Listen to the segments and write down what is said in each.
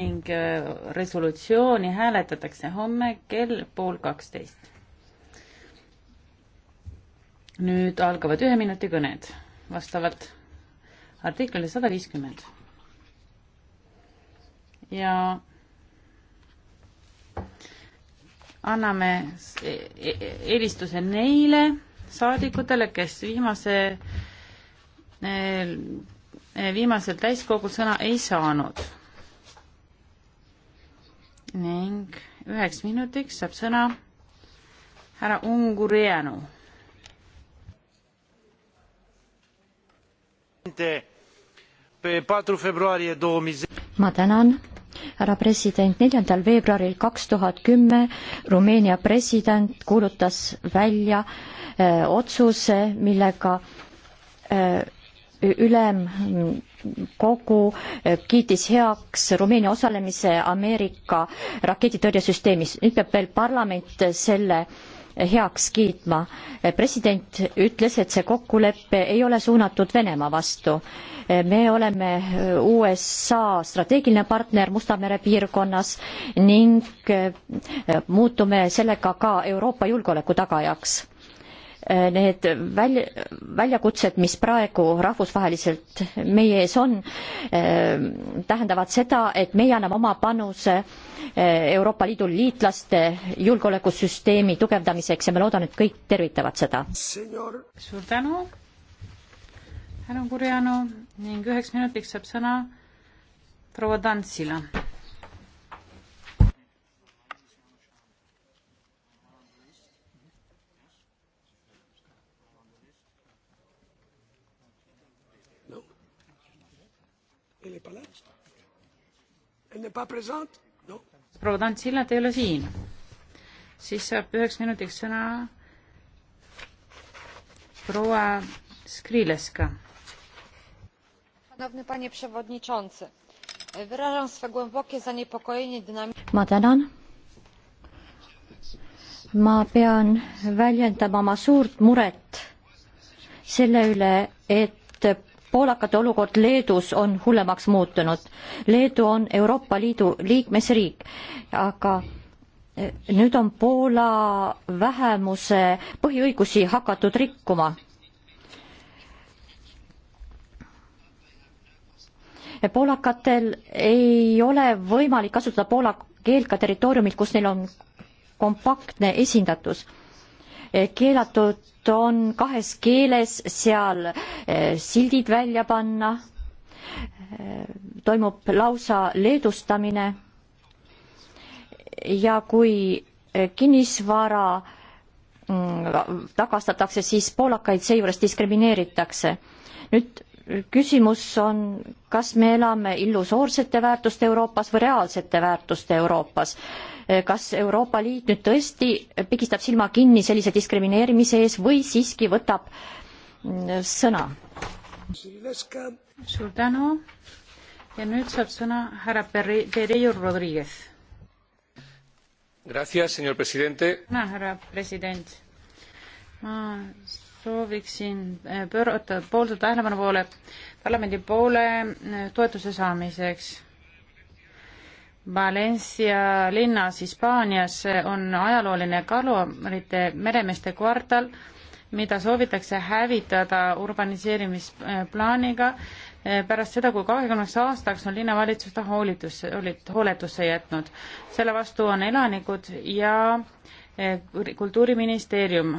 ning äh, resolutsiooni hääletatakse homme kell pool kaksteist. nüüd algavad ühe minuti kõned vastavalt artiklile sada viiskümmend. ja anname e-, e-, eelistuse neile saadikutele, kes viimase, e-, viimasel täiskogul sõna ei saanud ning üheks minutiks saab sõna härra Ungureanu. ma tänan, härra president, neljandal veebruaril kaks tuhat kümme Rumeenia president kuulutas välja öö, äh, otsuse, millega öö, äh, ülem kogu eh, kiitis heaks Rumeenia osalemise Ameerika raketitõrjesüsteemis. nüüd peab veel parlament selle heaks kiitma. Eh, president ütles, et see kokkulepe ei ole suunatud Venemaa vastu. Eh, me oleme USA strateegiline partner Musta mere piirkonnas ning muutume sellega ka Euroopa julgeoleku tagajaks Äh, need välja, väljakutsed, mis praegu rahvusvaheliselt meie ees on, äh, tähendavad seda, et meie anname oma panuse äh, Euroopa Liidu liitlaste julgeolekusüsteemi tugevdamiseks ja ma loodan, et kõik tervitavad seda. suur tänu, härra Kurjanu ning üheks minutiks saab sõna proua Tantsila Elle n'est pas là Elle n'est pas présente No. proua Tantsilla, te ei ole siin. siis saab üheks minutiks sõna proua Skrileska. ma tänan. ma pean väljendama oma suurt muret selle üle, et poolakate olukord Leedus on hullemaks muutunud. Leedu on Euroopa Liidu liikmesriik, aga eh, nüüd on Poola vähemuse põhiõigusi hakatud rikkuma. poolakatel ei ole võimalik kasutada poola keelt ka territooriumil, kus neil on kompaktne esindatus. Eh, keelatud on kahes keeles, seal eh, sildid välja panna, eh, toimub lausa leedustamine ja kui eh, kinnisvara mm, tagastatakse, siis poolakaid seejuures diskrimineeritakse. nüüd küsimus on, kas me elame illusoorsete väärtuste Euroopas või reaalsete väärtuste Euroopas Eh, kas Euroopa Liit nüüd tõesti pigistab silma kinni sellise diskrimineerimise ees või siiski võtab mm, sõna? suur tänu ja nüüd saab sõna härra Pereiro Rodriguez. tänan, härra president. ma sooviksin eh, pöörata, pooldada tähelepanu poole, parlamendi poole eh, toetuse saamiseks Valencia linnas Hispaanias on ajalooline kalurite meremeeste kvartal, mida soovitakse hävitada urbaniseerimisplaaniga eh, pärast seda, kui kahekümneks aastaks on linnavalitsus ta hoolitusse, hooletusse jätnud. selle vastu on elanikud ja eh, kultuuriministeerium.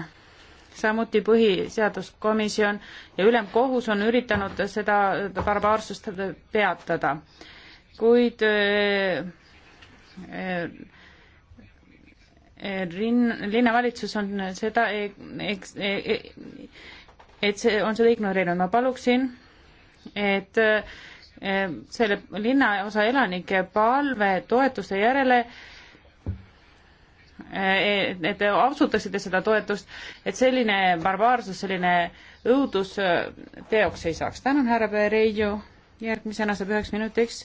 samuti põhiseaduskomisjon ja ülemkohus on üritanud seda barbaarsust peatada kuid linn, eh, eh, eh, linnavalitsus on seda, e-, e-, e-, et see on seda ignoreerinud, ma paluksin, et selle linnaosa elanike palve toetuste järele et, et te ausutaksite seda toetust, et selline barbaarsus, selline õudus teoks ei saaks. tänan, härra Pereiju, järgmisena saab üheks minutiks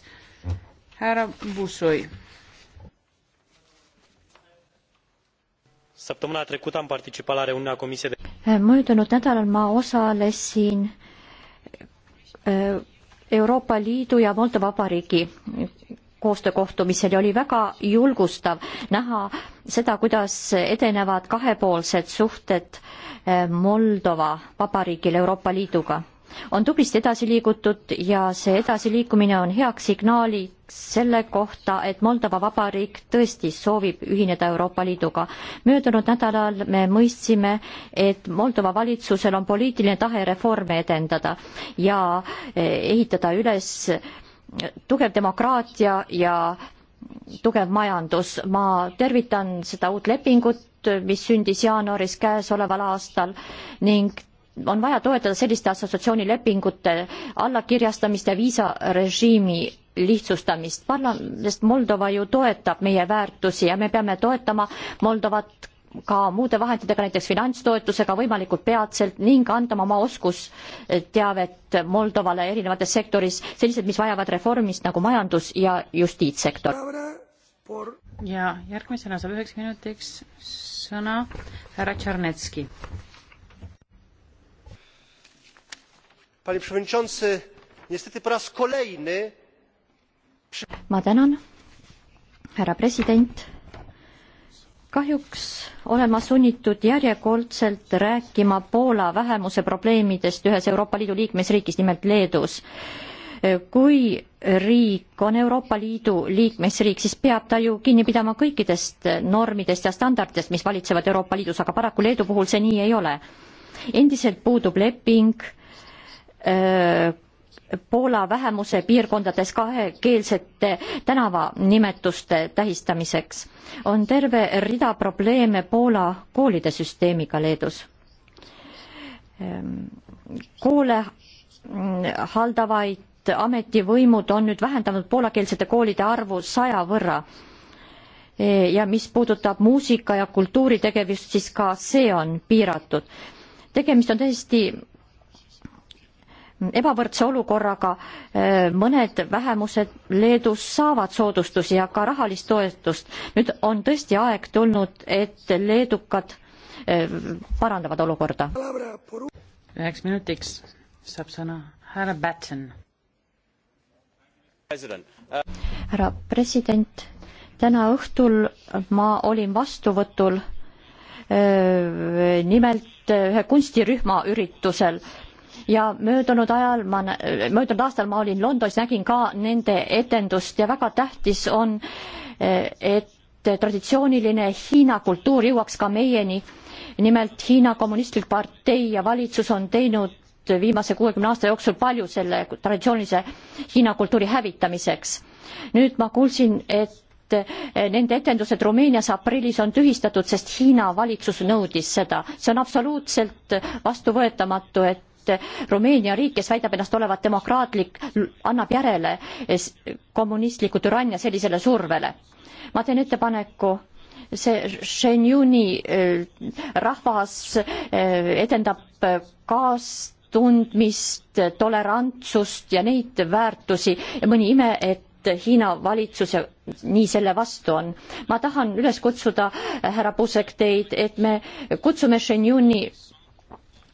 härra Bussoi. săptămâna trecută am participat la reuniunea comisiei de eh, möödunud nädalal ma osalesin eh, Euroopa Liidu ja Moldova Vabariigi koostöökohtumisel ja oli väga julgustav näha seda, kuidas edenevad kahepoolsed suhted eh, Moldova Vabariigil Euroopa Liiduga on tublisti edasi liigutud ja see edasiliikumine on heaks signaaliks selle kohta, et Moldova Vabariik tõesti soovib ühineda Euroopa Liiduga. möödunud nädalal me mõistsime, et Moldova valitsusel on poliitiline tahe reforme edendada ja eh, ehitada üles tugev demokraatia ja tugev majandus. ma tervitan seda uut lepingut, mis sündis jaanuaris käesoleval aastal ning on vaja toetada selliste assotsiatsioonilepingute allakirjastamist ja viisarežiimi lihtsustamist. parlament Moldova ju toetab meie väärtusi ja me peame toetama Moldovat ka muude vahenditega, näiteks finantstoetusega võimalikult peatselt ning andma oma oskusteavet Moldovale erinevates sektoris, sellised, mis vajavad reformist nagu majandus- ja justiitssektor. ja järgmisena saab üheks minutiks sõna härra Tšernetski panie przewodniczący! niestety po raz kolejny ma tänan härra president kahjuks olen ma sunnitud järjekordselt rääkima poola vähemuse probleemidest ühes euroopa liidu liikmesriigis nimelt leedus kui riik on Euroopa Liidu liikmesriik, siis peab ta ju kinni pidama kõikidest normidest ja standarditest, mis valitsevad Euroopa Liidus, aga paraku Leedu puhul see nii ei ole. endiselt puudub leping Äh, Poola vähemuse piirkondades kahekeelsete tänavanimetuste tähistamiseks. on terve rida probleeme Poola koolide süsteemiga Leedus. Ähm, koole mm, haldavaid ametivõimud on nüüd vähendanud poolakeelsete koolide arvu saja võrra. Äh, ja mis puudutab muusika ja kultuuritegevust, siis ka see on piiratud. tegemist on tõesti ebavõrdse olukorraga äh, mõned vähemused Leedus saavad soodustusi ja ka rahalist toetust. nüüd on tõesti aeg tulnud, et leedukad äh, parandavad olukorda. üheks minutiks saab sõna härra Batten. Äh, härra president, täna õhtul ma olin vastuvõtul nimelt ühe kunstirühma üritusel ja möödunud ajal ma, möödunud aastal ma olin Londonis, nägin ka nende etendust ja väga tähtis on, et traditsiooniline Hiina kultuur jõuaks ka meieni. nimelt Hiina Kommunistlik Partei ja valitsus on teinud viimase kuuekümne aasta jooksul palju selle traditsioonilise Hiina kultuuri hävitamiseks. nüüd ma kuulsin, et nende etendused Rumeenias aprillis on tühistatud, sest Hiina valitsus nõudis seda. see on absoluutselt vastuvõetamatu, et et Rumeenia riik, kes väidab ennast olevat demokraatlik, annab järele kommunistliku türannia sellisele survele. ma teen ettepaneku see Shenyuni äh, rahvas äh, edendab kaastundmist, tolerantsust ja neid väärtusi ja mõni ime, et Hiina valitsus ja nii selle vastu on. ma tahan üles kutsuda, härra Pusek, teid, et me kutsume Shenyuni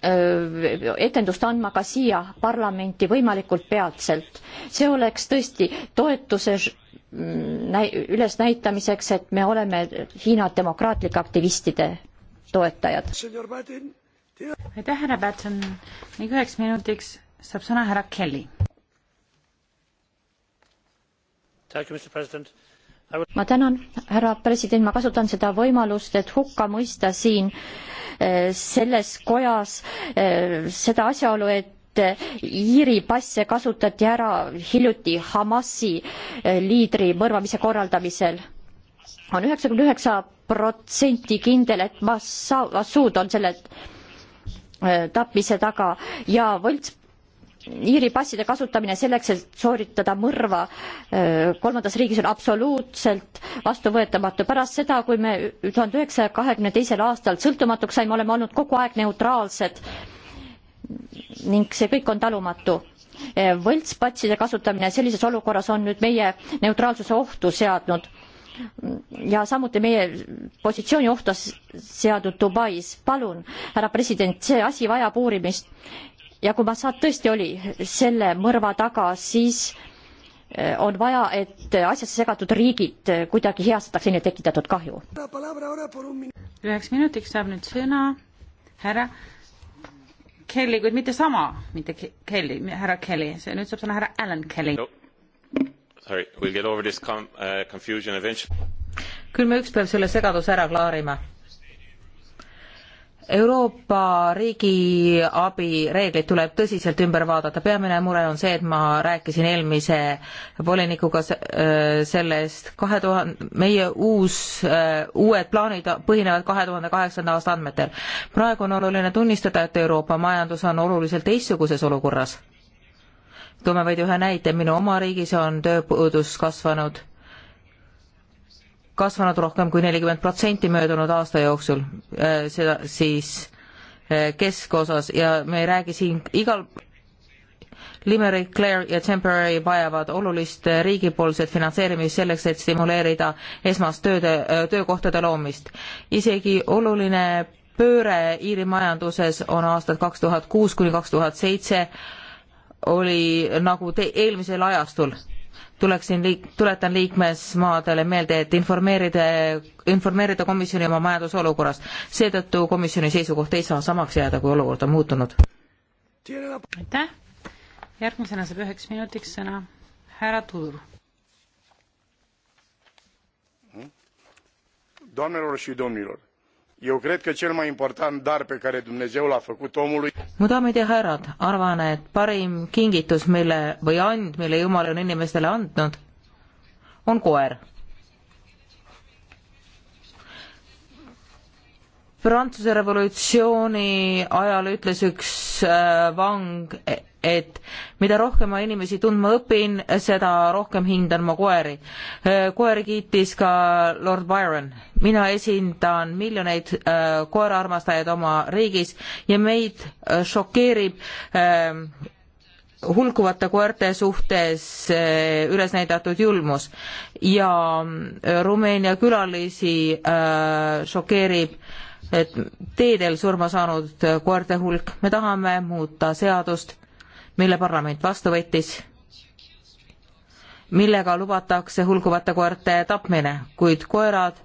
Äh, etendust andma ka siia parlamenti võimalikult peatselt. see oleks tõesti toetuse mm, ülesnäitamiseks, et me oleme Hiina demokraatlike aktivistide toetajad. aitäh, härra Pätson. ning üheks minutiks saab sõna härra Kelly. ma tänan, härra president, ma kasutan seda võimalust, et hukka mõista siin äh, Äh, selles kojas äh, seda asjaolu, et äh, Iiri passe kasutati ära hiljuti Hamasi liidri mõrvamise korraldamisel on üheksakümmend üheksa protsenti kindel, et Massaud on selle tapmise taga ja võlts Iiri passide kasutamine selleks, et sooritada mõrva kolmandas riigis on absoluutselt vastuvõetamatu. pärast seda, kui me tuhande üheksasaja kahekümne teisel aastal sõltumatuks saime, oleme olnud kogu aeg neutraalsed ning see kõik on talumatu. võltspatside kasutamine sellises olukorras on nüüd meie neutraalsuse ohtu seadnud ja samuti meie positsiooni ohtu seadnud Dubais. palun, härra president, see asi vajab uurimist ja kui Massad tõesti oli selle mõrva taga, siis eh, on vaja, et asjasse segatud riigid kuidagi heastataks neile tekitatud kahju. üheks minutiks saab nüüd sõna härra Kelly, kuid mitte sama, mitte Kelly, härra Kelly, see nüüd saab sõna härra Alan Kelly no.. Sorry, we'll get over this com- uh,, confusion eventually. küll me ükspäev selle segaduse ära klaarime Euroopa riigiabi reeglid tuleb tõsiselt ümber vaadata, peamine mure on see, et ma rääkisin eelmise volinikuga äh, sellest kahe tuhande, meie uus, äh, uued plaanid põhinevad kahe tuhande kaheksanda aasta andmetel. praegu on oluline tunnistada, et Euroopa majandus on oluliselt teistsuguses olukorras. toome vaid ühe näite, minu oma riigis on tööpuudus kasvanud kasvanud rohkem kui nelikümmend protsenti möödunud aasta jooksul, äh, seda siis äh, keskosas ja me ei räägi siin igal Limerick, Clare ja Temporary vajavad olulist äh, riigipoolset finantseerimist selleks, et stimuleerida esmast tööde, töökohtade loomist. isegi oluline pööre Iiri majanduses on aastad kaks tuhat kuus kuni kaks tuhat seitse oli nagu te-, eelmisel ajastul tuleksin liik-, tuletan liikmesmaadele meelde, et informeerida, informeerida komisjoni oma majandusolukorrast. seetõttu komisjoni seisukoht ei saa samaks jääda, kui olukord on muutunud. aitäh, järgmisena saab üheks minutiks sõna härra Tudur. doamnelor și domnilor eu cred că cel mai important dar pe care Dumnezeu l-a făcut omului mu daamid ja härrad, arvan, et parim kingitus, mille või and, mille Jumal on inimestele andnud, on koer. Prantsuse revolutsiooni ajal ütles üks äh, vang et mida rohkem ma inimesi tundma õpin, seda rohkem hindan ma koeri. koeri kiitis ka Lord Byron. mina esindan miljoneid äh, koeraarmastajaid oma riigis ja meid äh, šokeerib ähm, hulkuvate koerte suhtes äh, üles näidatud julmus ja Rumeenia külalisi šokeerib teedel surma saanud koerte hulk. me tahame muuta seadust mille parlament vastu võttis, millega lubatakse hulguvate koerte tapmine, kuid koerad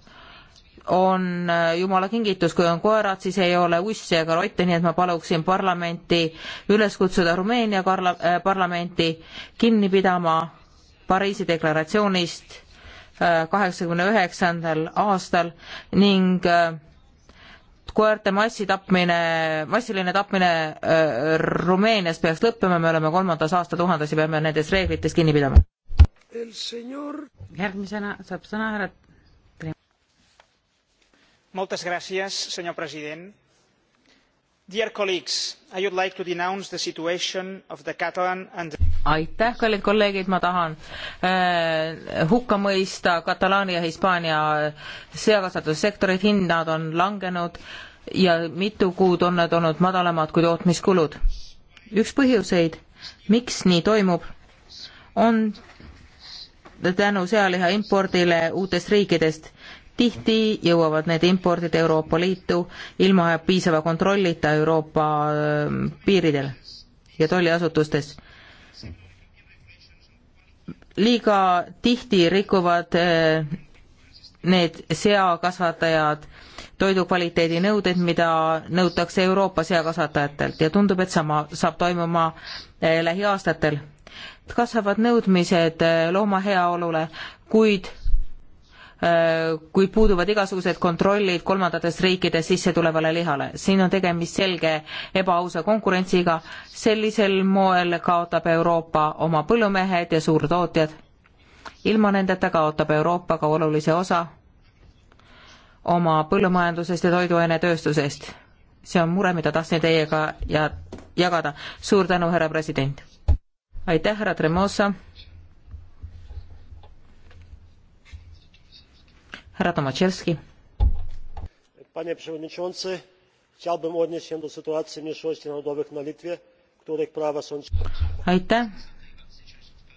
on äh, jumala kingitus, kui on koerad, siis ei ole ussi ega rotte, nii et ma paluksin parlamenti üles kutsuda Rumeenia karla, äh, parlamenti kinni pidama Pariisi deklaratsioonist äh, kaheksakümne äh, üheksandal aastal ning äh, koerte massitapmine, massiline tapmine äh, Rumeenias peaks lõppema, me oleme kolmandas aastatuhandes ja peame nendest reeglitest kinni pidama. Senyor... järgmisena saab sõna härra Moltes gràcies, senyor president. Dear colleagues, I would like to denounce the situation of the Catalan and the aitäh, kallid kolleegid, ma tahan äh, hukka mõista Katalaania ja Hispaania seakasvatussektorid, hinnad on langenud ja mitu kuud on need olnud madalamad kui tootmiskulud. üks põhjuseid, miks nii toimub, on tänu sealiha impordile uutest riikidest. tihti jõuavad need impordid Euroopa Liitu ilma piisava kontrollita Euroopa äh, piiridel ja tolliasutustes liiga tihti rikuvad eh, need seakasvatajad toidukvaliteedi nõuded, mida nõutakse Euroopa seakasvatajatelt ja tundub, et sama saab toimuma eh, lähiaastatel. kasvavad nõudmised eh, looma heaolule, kuid Äh, kui puuduvad igasugused kontrollid kolmandatest riikidest sisse tulevale lihale. siin on tegemist selge ebaausa konkurentsiga, sellisel moel kaotab Euroopa oma põllumehed ja suurtootjad. ilma nendeta kaotab Euroopa ka olulise osa oma põllumajandusest ja toiduainetööstusest. see on mure, mida tahtsin teiega ja jagada. suur tänu, härra president! aitäh, härra Tremosa! härra Tomatševski. Panie przewodniczący, chciałbym odnieść się do sytuacji mniejszości narodowych na Litwie, których prawa są... Aitäh,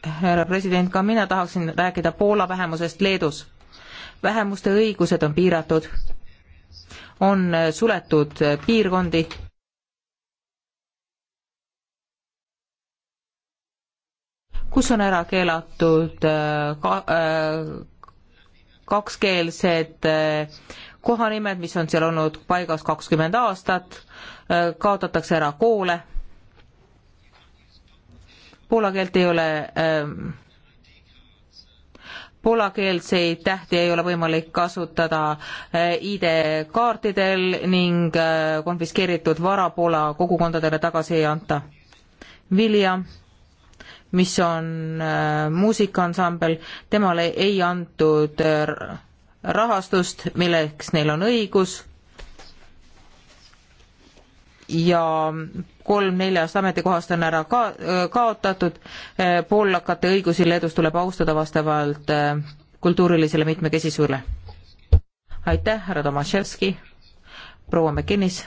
härra president, ka mina tahaksin rääkida Poola vähemusest Leedus. vähemuste õigused on piiratud, on suletud piirkondi, kus on ära keelatud äh, ka, äh, kakskeelsed eh, kohanimed, mis on seal olnud paigas kakskümmend aastat, eh, kaotatakse ära koole. Poola keelt ei ole eh, poolakeelseid tähti ei ole võimalik kasutada ID-kaartidel ning konfiskeeritud vara Poola kogukondadele tagasi ei anta. William mis on äh, muusikaansambel, temale ei antud äh, rahastust, milleks neil on õigus ja kolm-neljast ametikohast on ära ka-, äh, kaotatud, poollakate õigusi Leedus tuleb austada vastavalt kultuurilisele mitmekesisusele. aitäh, härra Tomaševski, proua McKinnis!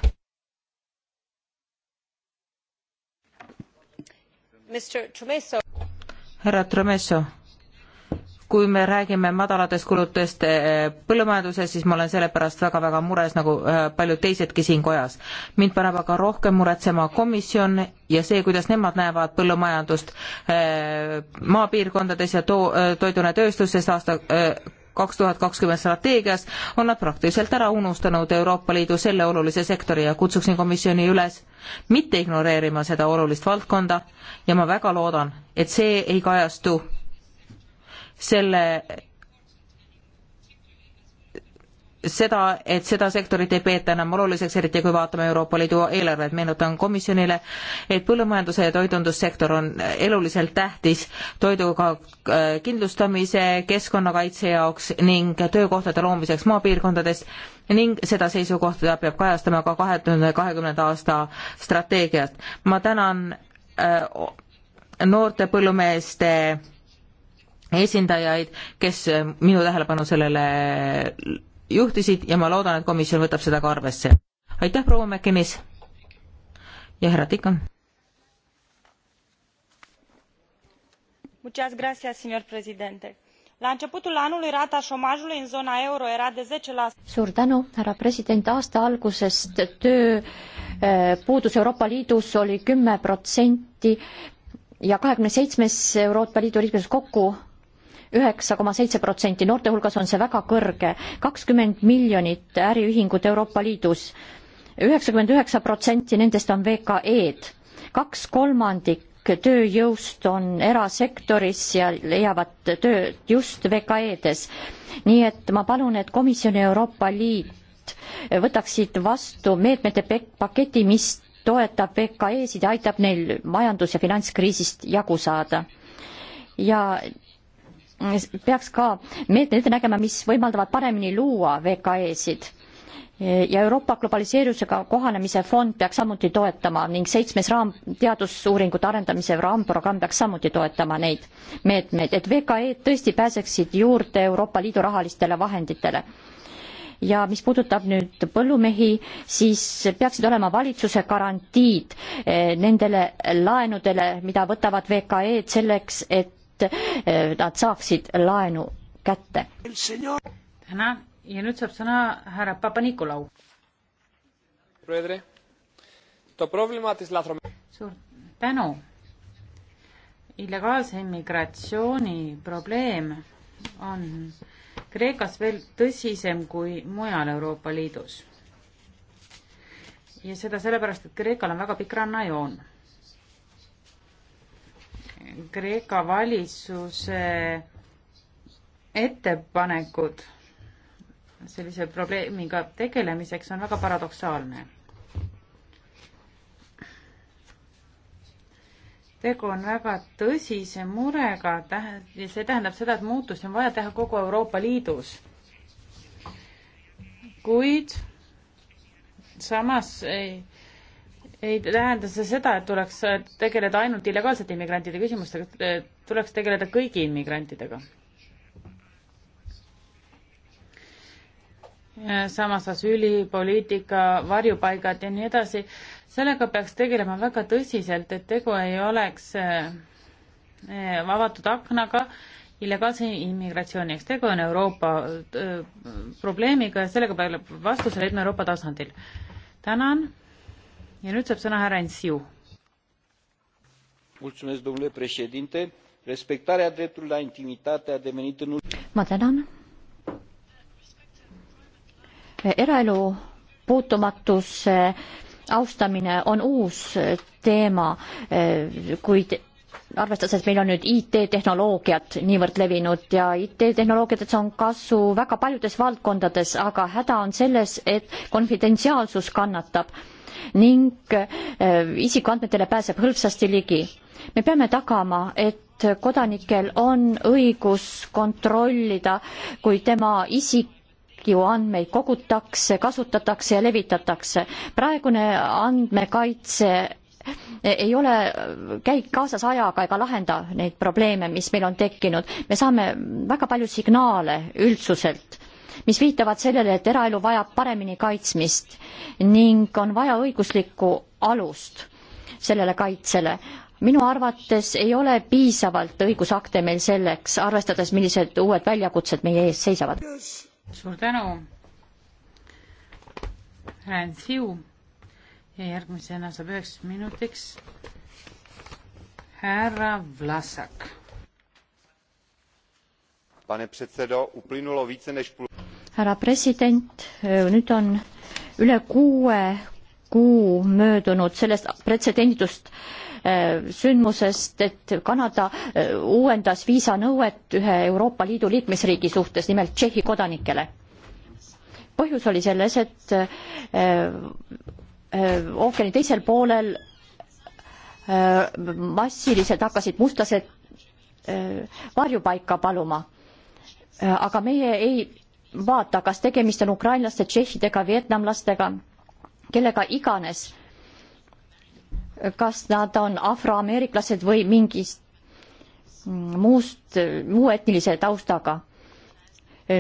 härra Tremeso, kui me räägime madalatest kulutustest eh, põllumajanduses, siis ma olen selle pärast väga-väga mures, nagu eh, paljud teisedki siin kojas. mind paneb aga rohkem muretsema komisjon ja see, kuidas nemad näevad põllumajandust eh, maapiirkondades ja too, toidunetööstuses aasta kaks tuhat kakskümmend strateegias on nad praktiliselt ära unustanud Euroopa Liidu selle olulise sektori ja kutsuksin komisjoni üles mitte ignoreerima seda olulist valdkonda ja ma väga loodan, et see ei kajastu selle seda, et seda sektorit ei peeta enam oluliseks, eriti kui vaatame Euroopa Liidu eelarvet. meenutan komisjonile, et põllumajanduse ja toidundussektor on eluliselt tähtis toiduga äh, kindlustamise, keskkonnakaitse jaoks ning töökohtade loomiseks maapiirkondades ning seda seisukohta peab kajastama ka kahe tuhande kahekümnenda aasta strateegiat. ma tänan äh, noorte põllumeeste esindajaid, kes minu tähelepanu sellele juhtisid ja ma loodan, et komisjon võtab seda ka arvesse. aitäh, proua Mäkinis ja härra Tikan. Muchas gracias, señor presidente la începutul anului rata omajului în zona euro era de 10%. Suur tänu, härra president, aasta algusest töö eh, puudus Euroopa Liidus oli kümme protsenti ja kahekümne seitsmes Euroopa Liidu liikmes kokku üheksa koma seitse protsenti, noorte hulgas on see väga kõrge, kakskümmend miljonit äriühingut Euroopa Liidus, üheksakümmend üheksa protsenti nendest on VKE-d, kaks kolmandik tööjõust on erasektoris ja leiavad tööd just VKE-des. nii et ma palun, et komisjon ja Euroopa Liit võtaksid vastu meetmete paketi, mis toetab VKE-sid ja aitab neil majandus- ja finantskriisist jagu saada. ja peaks ka meetmed ette nägema, mis võimaldavad paremini luua VKE-sid ja Euroopa globaliseerusega kohanemise fond peaks samuti toetama ning seitsmes raam, teadusuuringute arendamise raamprogramm peaks samuti toetama neid meetmeid, et VKE-d tõesti pääseksid juurde Euroopa Liidu rahalistele vahenditele. ja mis puudutab nüüd põllumehi, siis peaksid olema valitsuse garantiid eh, nendele laenudele, mida võtavad VKE-d selleks, et et eh, nad saaksid laenu kätte. tänan ja nüüd saab sõna härra Papa-Nikolau. suur tänu. illegaalse immigratsiooni probleem on Kreekas veel tõsisem kui mujal Euroopa Liidus. ja seda sellepärast, et Kreekal on väga pikk rannajoon Kreeka valitsuse ettepanekud sellise probleemiga tegelemiseks on väga paradoksaalne. tegu on väga tõsise murega, see tähendab seda, et muutusi on vaja teha kogu Euroopa Liidus. kuid samas ei ei tähenda see seda, et tuleks tegeleda ainult illegaalsete immigrantide küsimustega, tuleks tegeleda kõigi immigrantidega. samas asüüli, poliitika, varjupaigad ja nii edasi, sellega peaks tegelema väga tõsiselt, et tegu ei oleks eh, avatud aknaga illegaalse immigratsiooni, eks tegu on Euroopa eh, probleemiga ja sellega peab vastusele leidma Euroopa tasandil. tänan ja nüüd saab sõna härra Ensiu. respectarea dreptului la intimitate a devenit în ma tänan. eraelu puutumatuse austamine on uus teema, kuid arvestades, et meil on nüüd IT-tehnoloogiad niivõrd levinud ja IT-tehnoloogiates on kasu väga paljudes valdkondades, aga häda on selles, et konfidentsiaalsus kannatab ning äh, isikuandmetele pääseb hõlpsasti ligi. me peame tagama, et kodanikel on õigus kontrollida, kui tema isik ju andmeid kogutakse, kasutatakse ja levitatakse. praegune andmekaitse ei ole, käib kaasas ajaga ega lahenda neid probleeme, mis meil on tekkinud. me saame väga palju signaale üldsuselt mis viitavad sellele, et eraelu vajab paremini kaitsmist ning on vaja õiguslikku alust sellele kaitsele minu arvates ei ole piisavalt õigusakte meil selleks, arvestades, millised uued väljakutsed meie ees seisavad. suur tänu. Ryan Siu ja järgmisena saab üheks minutiks härra Vlasak. pane predsedo, uplynulo viitse než pol härra president, nüüd on üle kuue kuu möödunud sellest pretsedenditust äh, sündmusest, et Kanada äh, uuendas viisanõuet ühe Euroopa Liidu liikmesriigi suhtes, nimelt Tšehhi kodanikele. põhjus oli selles, et äh, ookeani teisel poolel massiliselt hakkasid mustlased varjupaika paluma. aga meie ei vaata, kas tegemist on ukrainlaste, tšehhidega, vietnamlastega, kellega iganes, kas nad on afroameeriklased või mingist muust, muu etnilise taustaga.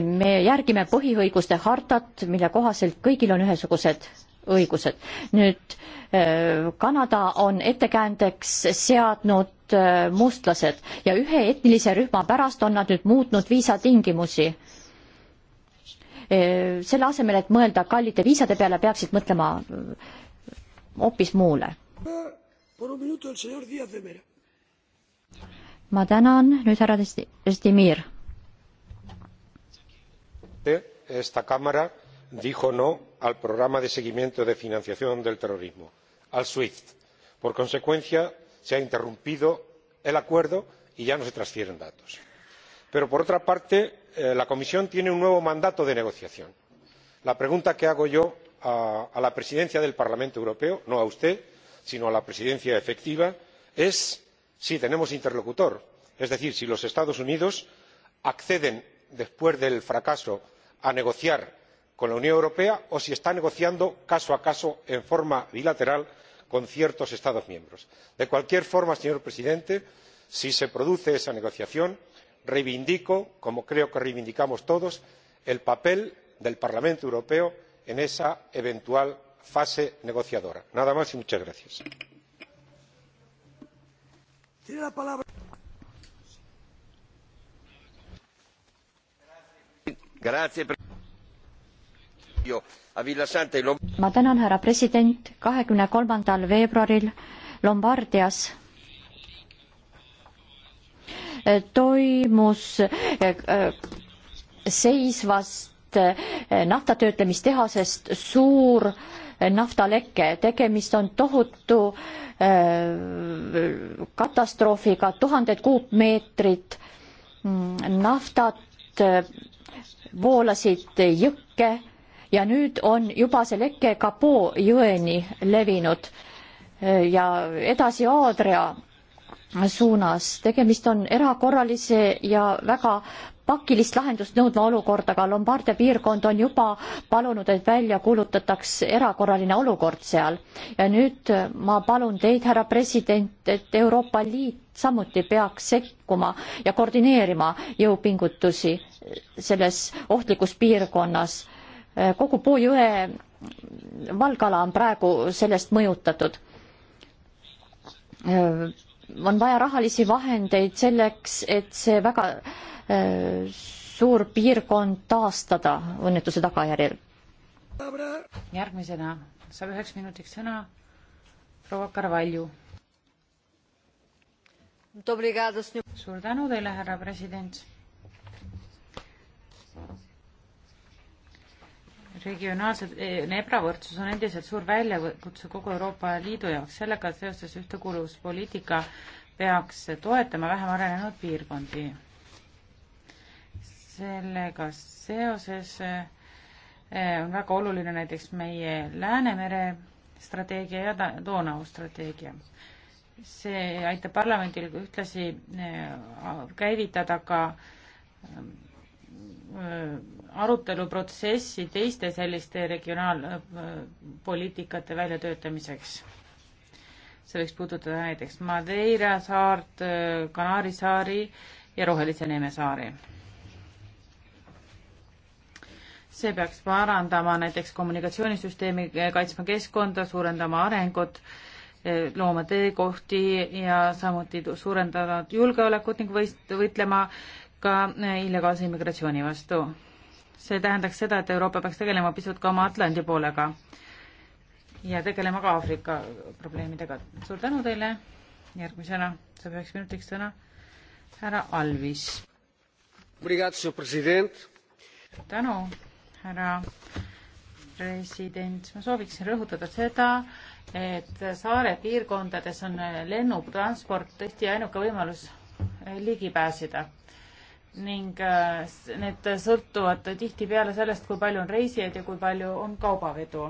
me järgime põhiõiguste hartat, mille kohaselt kõigil on ühesugused õigused. nüüd äh, Kanada on ettekäändeks seadnud äh, mustlased ja ühe etnilise rühma pärast on nad nüüd muutnud viisatingimusi Eh, selle asemel, et mõelda kallite viisade peale, peaksid mõtlema eh, hoopis muule. ma tänan, nüüd härra Destimir. Esta cámara dijo no al programa de seguimiento de financiación del terrorismo, al SWIFT. Por consecuencia, se ha interrumpido el acuerdo y ya no se transfieren datos. Pero, por otra parte, Eh, la comisión tiene un nuevo mandato de negociación. la pregunta que hago yo a la presidencia del parlamento europeo no a usted sino a la presidencia efectiva es si tenemos interlocutor es decir si los estados unidos acceden después del fracaso a negociar con la unión europea o si está negociando caso a caso en forma bilateral con ciertos estados miembros. de cualquier forma señor presidente si se produce esa negociación reivindico como creo que reivindicamos todos el papel del parlamento europeo en esa eventual fase negociadora. nada más y muchas gracias. ma tänan härra president 23 veebruaril lombardias toimus äh, seisvast äh, naftatöötlemistehasest suur äh, naftaleke, tegemist on tohutu katastroofiga, tuhanded kuupmeetrid mm, naftat voolasid jõkke ja nüüd on juba see leke Kapo jõeni levinud ja edasi Aadria suunas. tegemist on erakorralise ja väga pakilist lahendust nõudva olukordaga. Lombardia piirkond on juba palunud, et välja kuulutataks erakorraline olukord seal. ja nüüd ma palun teid, härra president, et Euroopa Liit samuti peaks sekkuma ja koordineerima jõupingutusi selles ohtlikus piirkonnas. kogu Puu jõe valgala on praegu sellest mõjutatud on vaja rahalisi vahendeid selleks, et see väga äh, suur piirkond taastada õnnetuse tagajärjel. järgmisena saab üheks minutiks sõna proua Carvalho. suur tänu teile, härra president regionaalne ebavõrdsus on endiselt suur väljakutse kogu Euroopa Liidu jaoks, sellega seoses ühtekuuluvuspoliitika peaks toetama vähem arenenud piirkondi. sellega seoses e, on väga oluline näiteks meie Läänemere strateegia ja Donau strateegia. see aitab parlamendil ühtlasi e, käivitada ka Äh, aruteluprotsessi teiste selliste regionaalpoliitikate äh, väljatöötamiseks. see võiks puudutada näiteks Madeira saart, äh, Kanaari saari ja Rohelise Neeme saari. see peaks parandama näiteks kommunikatsioonisüsteemi, kaitsma keskkonda, suurendama arengut, looma töökohti ja samuti suurendada julgeolekut ning võist-, võitlema ka eh, illegaalse immigratsiooni vastu. see tähendaks seda, et Euroopa peaks tegelema pisut ka oma Atlandi poolega ja tegelema ka Aafrika probleemidega. suur tänu teile, järgmisena saab üheks minutiks sõna härra Alvis. tänu, härra president, ma sooviksin rõhutada seda, et saare piirkondades on lennutransport tõesti ainuke võimalus ligi pääseda ning äh, need sõltuvad tihtipeale sellest, kui palju on reisijaid ja kui palju on kaubavedu.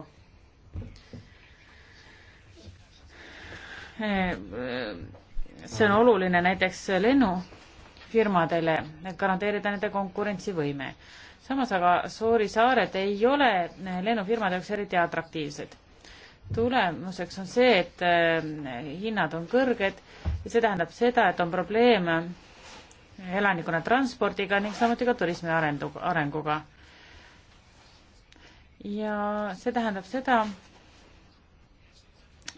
Äh, äh, see on oluline näiteks lennufirmadele, et garanteerida nende konkurentsivõime. samas aga Soori saared ei ole lennufirmade jaoks eriti atraktiivsed. tulemuseks on see, et hinnad on kõrged ja see tähendab seda, et on probleeme elanikkonna transpordiga ning samuti ka turismi arendu, arenguga. ja see tähendab seda,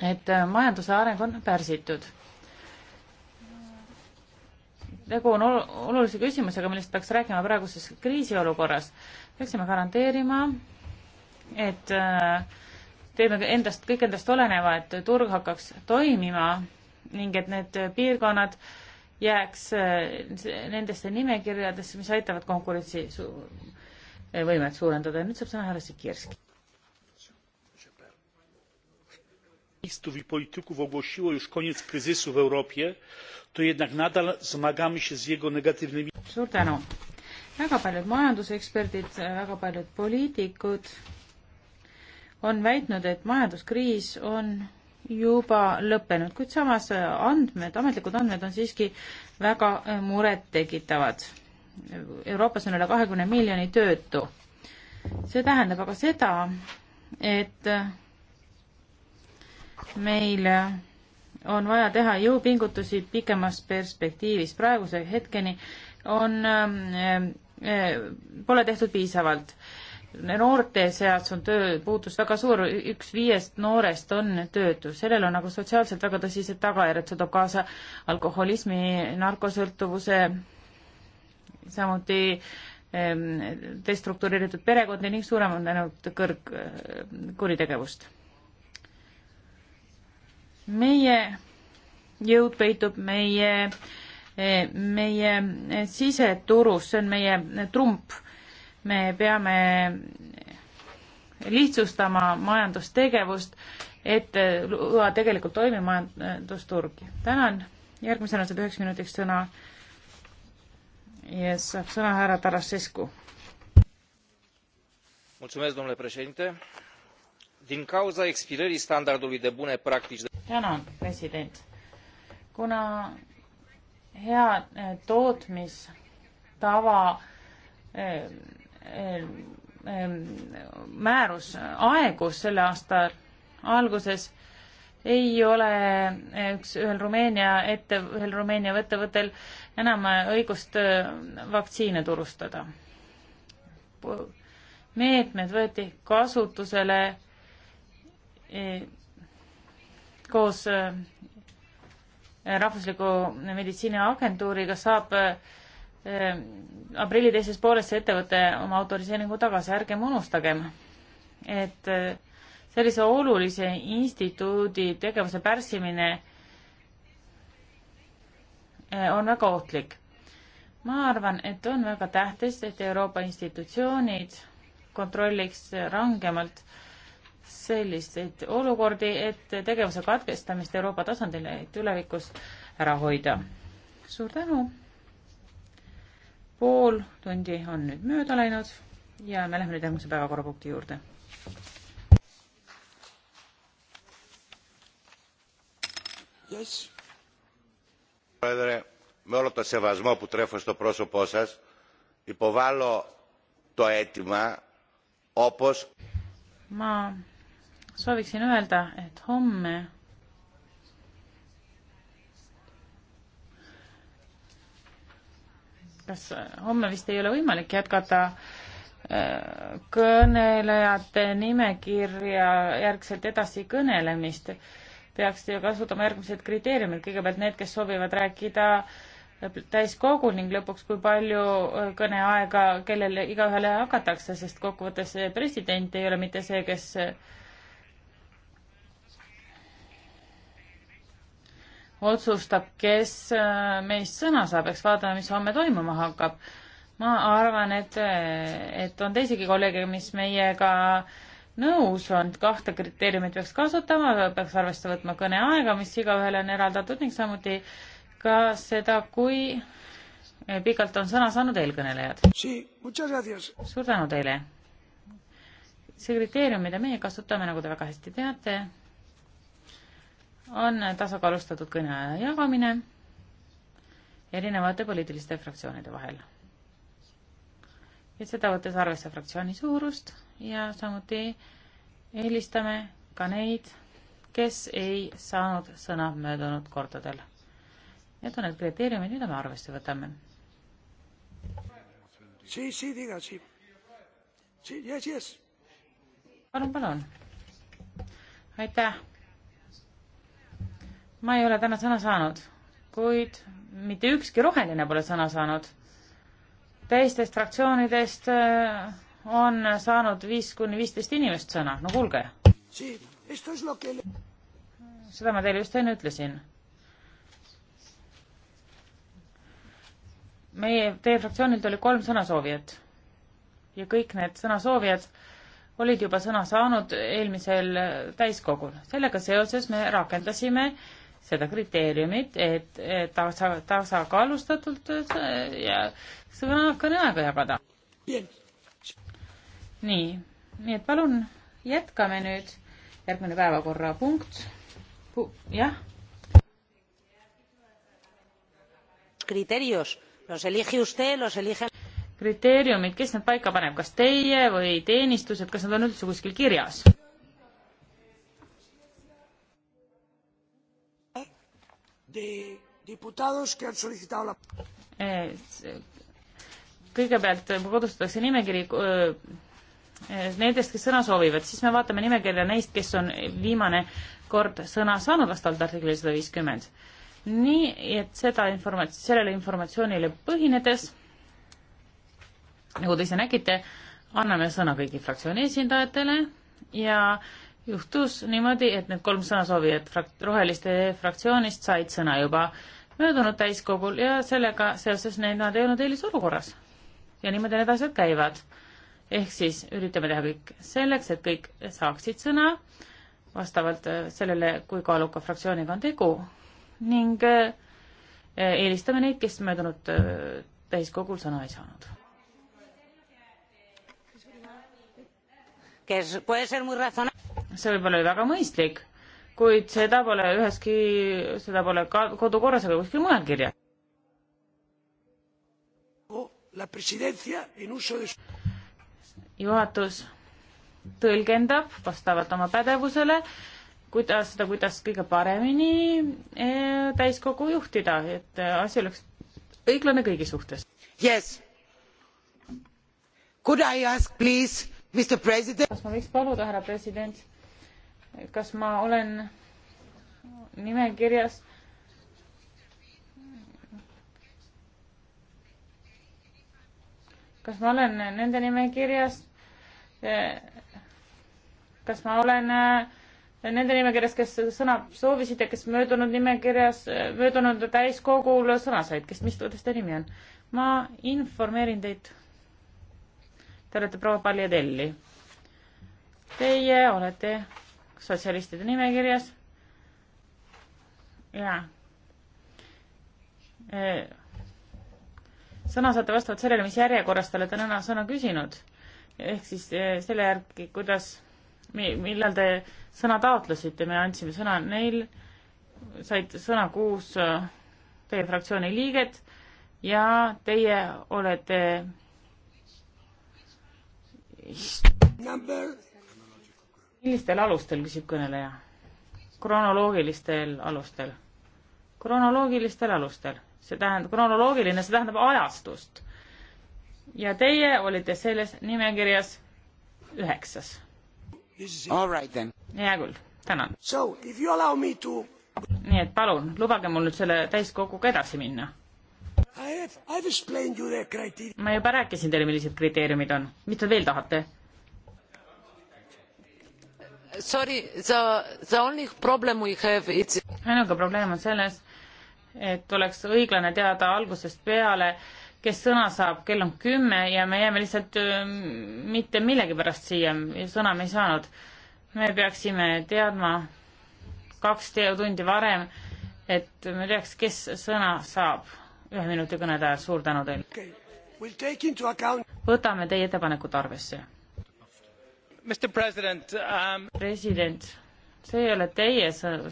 et majanduse areng on pärsitud. tegu on ol olulise küsimusega, millest peaks rääkima praeguses kriisiolukorras. peaksime garanteerima, et äh, teeme endast, kõik endast oleneva, et turg hakkaks toimima ning et need piirkonnad äh, jääks äh, nendesse nimekirjadesse, mis aitavad konkurentsi su äh, võimet suurendada. nüüd saab sõna härra Sikirski. ministrów i polityków ogłosiło już koniec kryzysu w europie to jednak nadal zmagamy się z jego negatywnymi. suur tänu väga paljud majanduseksperdid väga paljud poliitikud on väitnud et majanduskriis on juba lõppenud, kuid samas äh, andmed, ametlikud andmed on siiski väga äh, murettekitavad. Euroopas on üle kahekümne miljoni töötu. see tähendab aga seda, et äh, meil on vaja teha jõupingutusi pikemas perspektiivis. praeguse hetkeni on, ähm, pole tehtud piisavalt noorte seas on tööpuudus väga suur, üks viiest noorest on töötu, sellel on nagu sotsiaalselt väga tõsised tagajärjed, see toob kaasa alkoholismi, narkosõltuvuse, samuti ehm, destruktureeritud perekondi ning suurem on ainult kõrg, ehm, kuritegevust. meie jõud peitub meie, ehm, meie siseturus, see on meie trump me peame lihtsustama majandustegevust, et luua tegelikult toimiv majandusturg. tänan, järgmisena saab üheks minutiks sõna ja saab sõna härra Tarasescu. domnule președinte, din cauza expirării standardului de bune practici. tänan, president. kuna hea eh, tootmistava eh, määrus aegus selle aasta alguses, ei ole eh, üks, ühel Rumeenia ette, ühel Rumeenia ettevõttel enam eh, õigust eh, vaktsiine turustada. meetmed võeti kasutusele koos rahvusliku meditsiiniagentuuriga saab Ehm, aprilli teises pooles see ettevõte oma autoriseeringu tagasi, ärgem unustagem, et eh, sellise olulise instituudi tegevuse pärssimine eh, on väga ohtlik. ma arvan, et on väga tähtis, et Euroopa institutsioonid kontrolliks rangemalt selliseid olukordi, et tegevuse katkestamist Euroopa tasandil tulevikus ära hoida. suur tänu! pool tundi on nüüd mööda läinud ja me läheme nüüd järgmise päevakorrapunkti juurde. Yes. Πρόεδρε, με όλο το σεβασμό που τρέφω στο πρόσωπό σας, υποβάλλω το αίτημα όπως... Μα sooviksin öelda, et homme kas homme vist ei ole võimalik jätkata äh, kõnelejate nimekirja järgselt edasi kõnelemist, peaks ju kasutama järgmised kriteeriumid, kõigepealt need, kes soovivad rääkida täiskogu ning lõpuks, kui palju äh, kõneaega kellele igaühele hakatakse, sest kokkuvõttes president ei ole mitte see, kes äh, otsustab, kes äh, meist sõna saab, eks vaatame, mis homme toimuma hakkab. ma arvan, et, äh, et on teisigi kolleege, mis meiega nõus on, kahte kriteeriumit peaks kasutama, peaks arvesse võtma kõneaega, mis igaühele on eraldatud ning samuti ka seda, kui äh, pikalt on sõna saanud eelkõnelejad. suur tänu teile. see kriteerium, mida meie kasutame, nagu te väga hästi teate on tasakaalustatud kõneaja jagamine erinevate poliitiliste fraktsioonide vahel. et seda võttes arvesse fraktsiooni suurust ja samuti eelistame ka neid, kes ei saanud sõna möödunud kordadel. Need on need kriteeriumid, mida me arvesse võtame. palun, palun. aitäh ma ei ole täna sõna saanud, kuid mitte ükski roheline pole sõna saanud. teistest fraktsioonidest äh, on saanud viis kuni viisteist inimest sõna, no kuulge. seda ma teile just enne ütlesin. meie, teie fraktsioonilt oli kolm sõnasoovijat ja kõik need sõnasoovijad olid juba sõna saanud eelmisel äh, täiskogul. sellega seoses me rakendasime äh, seda kriteeriumit, et tasa, tasakaalustatult ja seda natukene aega jagada. nii, nii et palun jätkame nüüd, järgmine päevakorrapunkt Pu, jah. kriteerios, los elige usted, los elige kriteeriumid, kes need paika paneb, kas teie või teenistused, kas nad on üldse kuskil kirjas? de diputados que han solicitado la eh, kõigepealt eh, kodustatakse nimekiri eh, nendest, kes sõna soovivad, siis me vaatame nimekirja neist, kes on viimane kord sõna saanud vastavalt artiklile sada viiskümmend. nii et seda informat-, sellele informatsioonile põhinedes, nagu te ise nägite, anname sõna kõigi fraktsiooni esindajatele ja äh, juhtus niimoodi, et need kolm sõnasoovijat frak-, Roheliste fraktsioonist said sõna juba möödunud täiskogul ja sellega seoses neid nad ei olnud eelisolukorras. ja niimoodi need asjad käivad. ehk siis üritame teha kõik selleks, et kõik saaksid sõna vastavalt äh, sellele, kui kaaluka fraktsiooniga on tegu ning äh, eelistame neid, kes möödunud äh, täiskogul sõna ei saanud que puede ser muy razonable see võib-olla oli väga mõistlik, kuid seda pole üheski, seda pole ka kodukorras ega kuskil mujal kirjas. juhatus tõlgendab vastavalt oma pädevusele, kuidas seda, kuidas kõige paremini e, täiskogu juhtida, et e, asi oleks õiglane kõigi suhtes. Yes. Could I ask please, Mr President? kas ma võiks paluda, härra president? kas ma olen nimekirjas? kas ma olen nende nimekirjas? kas ma olen äh, nende nimekirjas, kes sõna soovisid ja kes möödunud nimekirjas, äh, möödunud täiskogul sõna said, kes, mis, kuidas ta nimi on? ma informeerin teid. Te olete proua Paljadelli. Teie olete sotsialistide nimekirjas. jaa. E, sõna saate vastavalt sellele, mis järjekorras te olete täna sõna küsinud. ehk siis e, selle järgi, kuidas, millal te sõna taotlesite, me andsime sõna neil, said sõna kuus e, teie fraktsiooni liiget ja teie olete number millistel alustel, küsib kõneleja. kronoloogilistel alustel. kronoloogilistel alustel, see tähendab, kronoloogiline, see tähendab ajastust. ja teie olite selles nimekirjas üheksas. hea küll, tänan. To... nii et palun, lubage mul nüüd selle täiskoguga edasi minna. ma juba rääkisin teile, millised kriteeriumid on, mis te veel tahate? ainuke probleem on selles, et oleks õiglane teada algusest peale, kes sõna saab, kell on kümme ja me jääme lihtsalt mitte millegipärast siia, sõna me ei saanud. me peaksime teadma kaks tundi varem, et me teaks, kes sõna saab ühe minuti kõnede ajal. suur tänu teile okay.. We'll võtame teie ettepanekud arvesse president, um... president, see ei ole teie sõnum,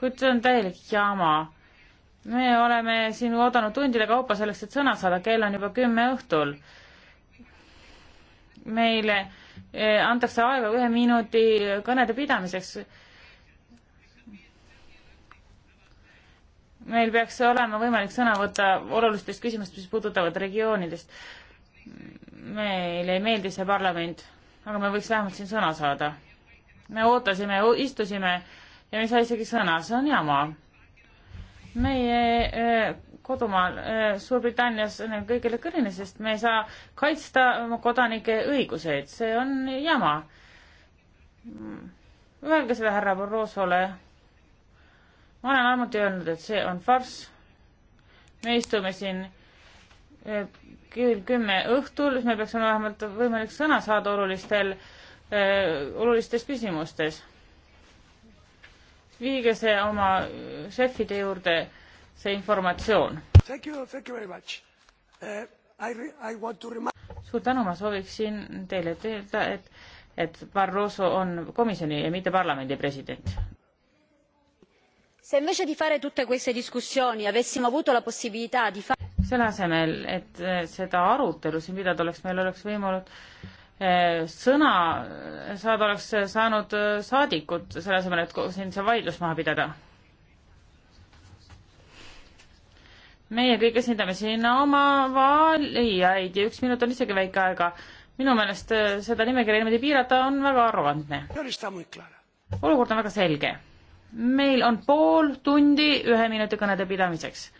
kuid see on täielik jama. me oleme siin oodanud tundide kaupa selleks, et sõna saada, kell on juba kümme õhtul. meile e, antakse aega ühe minuti kõnede pidamiseks. meil peaks olema võimalik sõna võtta olulistest küsimustest, mis puudutavad regioonidest. meile ei meeldi see parlament aga me võiks vähemalt siin sõna saada. me ootasime, istusime ja me ei saa isegi sõna, see on jama. meie eh, kodumaal eh, Suurbritannias on kõigile kõrini, sest me ei saa kaitsta oma kodanike õiguseid, see on jama. Öelge seda härra Borrosole. ma olen ammuti öelnud, et see on farss. me istume siin kell kümme õhtul, siis meil peaks olema vähemalt võimalik sõna saada olulistel, eh, olulistes küsimustes. viige see oma šefide juurde, see informatsioon. Eh, suur tänu, ma sooviksin teile öelda, et, et Barroso on komisjoni ja mitte parlamendi president se invece di fare tutte queste discussioni avessimo avuto la possibilità di fare selle asemel, et eh, seda arutelu siin pidada oleks, meil oleks võimalik eh, sõna saada, oleks saanud eh, saadikud, selle asemel, et siin see vaidlus maha pidada. meie kõik esindame siin oma valijaid ja üks minut on isegi väike aega. minu meelest seda nimekirja niimoodi piirata on väga arrogantne. olukord on väga selge. meil on pool tundi ühe minuti kõnede pidamiseks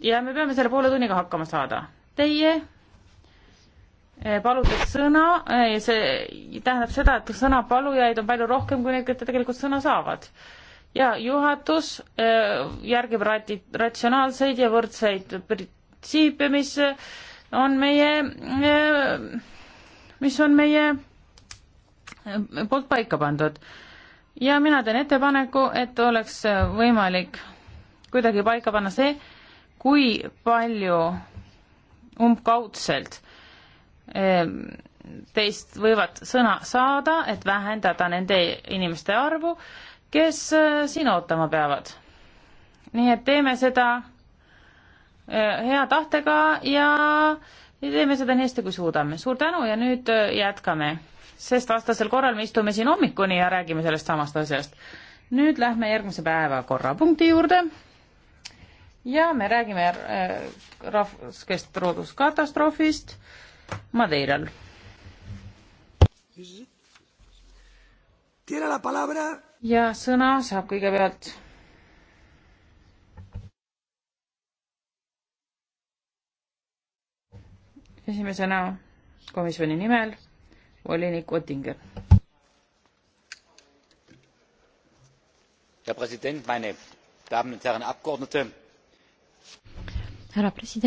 ja me peame selle poole tunniga hakkama saada. Teie eh, palute sõna eh, ja see tähendab seda, et sõnapalujaid on palju rohkem, kui neid, kes tegelikult sõna saavad. ja juhatus eh, järgib rati-, ratsionaalseid ja võrdseid printsiipe, mis on meie, mis on meie poolt paika pandud. ja mina teen ettepaneku, et oleks võimalik kuidagi paika panna see, kui palju umbkaudselt ehm, teist võivad sõna saada, et vähendada nende inimeste arvu, kes eh, siin ootama peavad. nii et teeme seda eh, hea tahtega ja teeme seda nii hästi, kui suudame. suur tänu ja nüüd eh, jätkame, sest vastasel korral me istume siin hommikuni ja räägime sellest samast asjast. nüüd lähme järgmise päevakorrapunkti juurde ja me räägime äh, raskest looduskatastroofist Madeiral. ja sõna saab kõigepealt esimesena komisjoni nimel volinik Ottinger. Herr Präsident, meine Damen und Herren Abgeordnete! härra president.